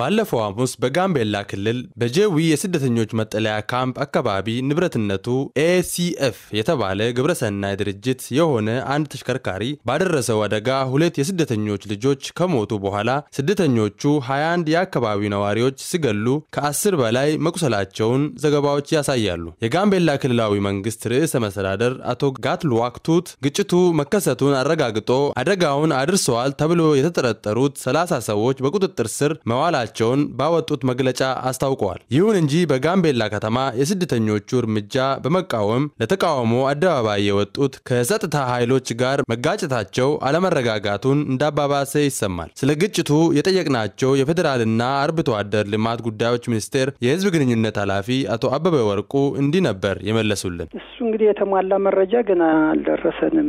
ባለፈው ሐሙስ በጋምቤላ ክልል በጀዊ የስደተኞች መጠለያ ካምፕ አካባቢ ንብረትነቱ ኤሲኤፍ የተባለ ግብረሰናይ ድርጅት የሆነ አንድ ተሽከርካሪ ባደረሰው አደጋ ሁለት የስደተኞች ልጆች ከሞቱ በኋላ ስደተኞቹ 21 የአካባቢ ነዋሪዎች ሲገሉ ከ10 በላይ መቁሰላቸውን ዘገባዎች ያሳያሉ። የጋምቤላ ክልላዊ መንግስት ርዕሰ መስተዳደር አቶ ጋትሉዋክ ግጭቱ መከሰቱን አረጋግጦ አደጋውን አድርሰዋል ተብሎ የተጠረጠሩት 30 ሰዎች በቁጥጥር ስር መዋላ መቀበላቸውን ባወጡት መግለጫ አስታውቀዋል። ይሁን እንጂ በጋምቤላ ከተማ የስደተኞቹ እርምጃ በመቃወም ለተቃውሞ አደባባይ የወጡት ከጸጥታ ኃይሎች ጋር መጋጨታቸው አለመረጋጋቱን እንዳባባሰ ይሰማል። ስለ ግጭቱ የጠየቅናቸው የፌዴራልና አርብቶ አደር ልማት ጉዳዮች ሚኒስቴር የህዝብ ግንኙነት ኃላፊ አቶ አበበ ወርቁ እንዲህ ነበር የመለሱልን። እሱ እንግዲህ የተሟላ መረጃ ገና አልደረሰንም።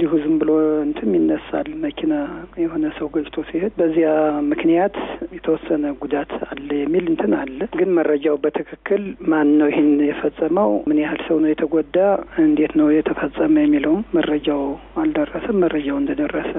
እንዲሁ ዝም ብሎ እንትም ይነሳል። መኪና የሆነ ሰው ገጭቶ ሲሄድ በዚያ ምክንያት የተወሰነ ጉዳት አለ የሚል እንትን አለ። ግን መረጃው በትክክል ማን ነው ይህን የፈጸመው፣ ምን ያህል ሰው ነው የተጎዳ፣ እንዴት ነው የተፈጸመ የሚለውም መረጃው አልደረሰም። መረጃው እንደደረሰ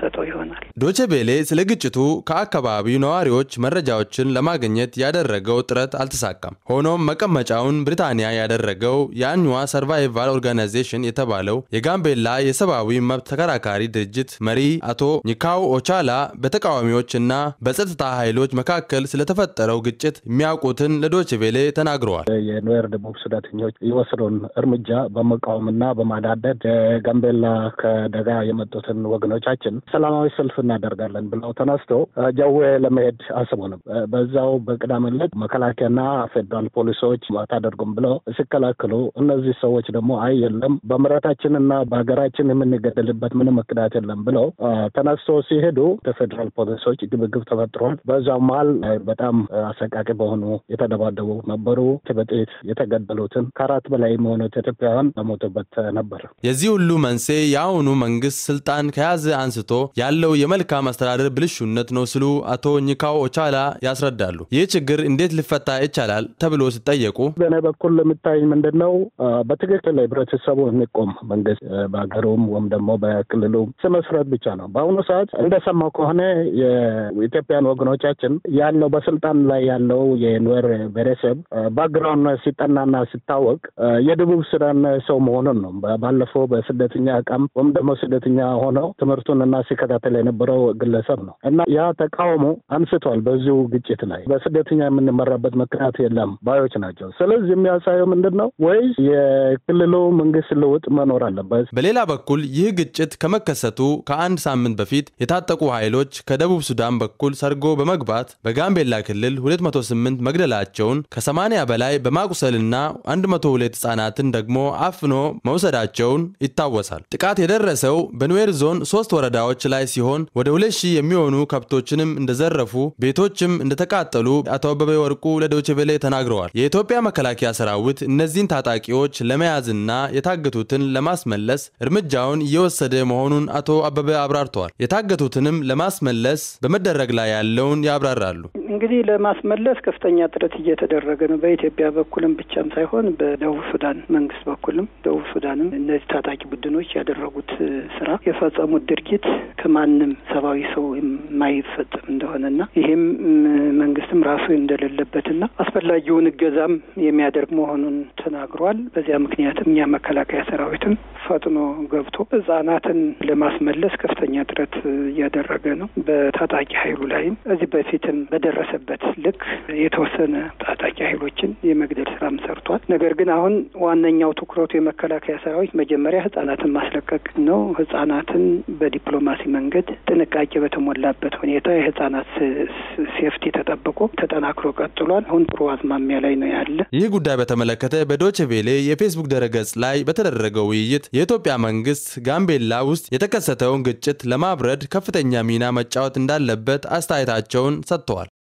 ሰጠው ይሆናል። ዶቼ ቤሌ ስለ ግጭቱ ከአካባቢው ነዋሪዎች መረጃዎችን ለማግኘት ያደረገው ጥረት አልተሳካም። ሆኖም መቀመጫውን ብሪታንያ ያደረገው የአንዋ ሰርቫይቫል ኦርጋናይዜሽን የተባለው የጋምቤላ የሰ የሰብአዊ መብት ተከራካሪ ድርጅት መሪ አቶ ኒካው ኦቻላ በተቃዋሚዎች እና በጸጥታ ኃይሎች መካከል ስለተፈጠረው ግጭት የሚያውቁትን ለዶችቬሌ ተናግረዋል። የኑዌር ደቡብ ስደተኞች የወሰደውን እርምጃ በመቃወምና በማዳደድ ጋምቤላ ከደጋ የመጡትን ወገኖቻችን ሰላማዊ ሰልፍ እናደርጋለን ብለው ተነስቶ ጀዌ ለመሄድ አስበው ነው። በዛው በቅዳሜ ዕለት መከላከያና ፌዴራል ፖሊሶች አታደርጉም ብለው ሲከላከሉ እነዚህ ሰዎች ደግሞ አይ የለም በምረታችንና በሀገራችን የምንገደልበት ምንም ምክንያት የለም ብለው ተነስቶ ሲሄዱ የፌዴራል ፖሊሶች ግብግብ ተፈጥሯል። በዛው መሀል በጣም አሰቃቂ በሆኑ የተደባደቡ ነበሩ። በጥይት የተገደሉትን ከአራት በላይ የሚሆኑት ኢትዮጵያውያን በሞቱበት ነበር። የዚህ ሁሉ መንስኤ የአሁኑ መንግስት ስልጣን ከያዘ አንስቶ ያለው የመልካም አስተዳደር ብልሹነት ነው ሲሉ አቶ ኝካው ኦቻላ ያስረዳሉ። ይህ ችግር እንዴት ሊፈታ ይቻላል ተብሎ ሲጠየቁ በእኔ በኩል የሚታይ ምንድን ነው በትክክል ህብረተሰቡ የሚቆም መንግስት በሀገሩም ወይም ደግሞ በክልሉ ስመስረት ብቻ ነው። በአሁኑ ሰዓት እንደሰማው ከሆነ የኢትዮጵያን ወገኖቻችን ያለው በስልጣን ላይ ያለው የኑዌር ብሔረሰብ ባክግራውንድ ሲጠናና ሲታወቅ የደቡብ ሱዳን ሰው መሆኑን ነው። ባለፈው በስደተኛ ቀም ወይም ደግሞ ስደተኛ ሆነው ትምህርቱን እና ሲከታተል የነበረው ግለሰብ ነው እና ያ ተቃውሞ አንስቷል። በዚሁ ግጭት ላይ በስደተኛ የምንመራበት ምክንያት የለም ባዮች ናቸው። ስለዚህ የሚያሳየው ምንድን ነው ወይ የክልሉ መንግስት ለውጥ መኖር አለበት። በሌላ በኩል ይህ ግጭት ከመከሰቱ ከአንድ ሳምንት በፊት የታጠቁ ኃይሎች ከደቡብ ሱዳን በኩል ሰርጎ በመግባት በጋምቤላ ክልል 208 መግደላቸውን ከ80 በላይ በማቁሰልና 102 ህጻናትን ደግሞ አፍኖ መውሰዳቸውን ይታወሳል። ጥቃት የደረሰው በኑዌር ዞን ሶስት ወረዳዎች ላይ ሲሆን ወደ 2ሺህ የሚሆኑ ከብቶችንም እንደዘረፉ፣ ቤቶችም እንደተቃጠሉ አቶ አበበ ወርቁ ለዶችቬሌ ተናግረዋል። የኢትዮጵያ መከላከያ ሰራዊት እነዚህን ታጣቂዎች ለመያዝና የታገቱትን ለማስመለስ እርምጃውን እርምጃውን እየወሰደ መሆኑን አቶ አበበ አብራርተዋል። የታገቱትንም ለማስመለስ በመደረግ ላይ ያለውን ያብራራሉ። እንግዲህ ለማስመለስ ከፍተኛ ጥረት እየተደረገ ነው። በኢትዮጵያ በኩልም ብቻም ሳይሆን በደቡብ ሱዳን መንግስት በኩልም ደቡብ ሱዳንም እነዚህ ታጣቂ ቡድኖች ያደረጉት ስራ የፈጸሙት ድርጊት ከማንም ሰብአዊ ሰው የማይፈጸም እንደሆነና ይህም መንግስትም ራሱ እንደሌለበትና አስፈላጊውን እገዛም የሚያደርግ መሆኑን ተናግሯል። በዚያ ምክንያትም እኛ መከላከያ ሰራዊትም ፈጥኖ ገብቶ ገብቶ ህጻናትን ለማስመለስ ከፍተኛ ጥረት እያደረገ ነው። በታጣቂ ኃይሉ ላይም እዚህ በፊትም በደረሰበት ልክ የተወሰነ ታጣቂ ኃይሎችን የመግደል ስራም ሰርቷል። ነገር ግን አሁን ዋነኛው ትኩረቱ የመከላከያ ሰራዊት መጀመሪያ ህጻናትን ማስለቀቅ ነው። ህጻናትን በዲፕሎማሲ መንገድ ጥንቃቄ በተሞላበት ሁኔታ የህጻናት ሴፍቲ ተጠብቆ ተጠናክሮ ቀጥሏል። አሁን ጥሩ አዝማሚያ ላይ ነው ያለ። ይህ ጉዳይ በተመለከተ በዶችቬሌ የፌስቡክ ደረገጽ ላይ በተደረገው ውይይት የኢትዮጵያ መንግስት መንግስት ጋምቤላ ውስጥ የተከሰተውን ግጭት ለማብረድ ከፍተኛ ሚና መጫወት እንዳለበት አስተያየታቸውን ሰጥተዋል።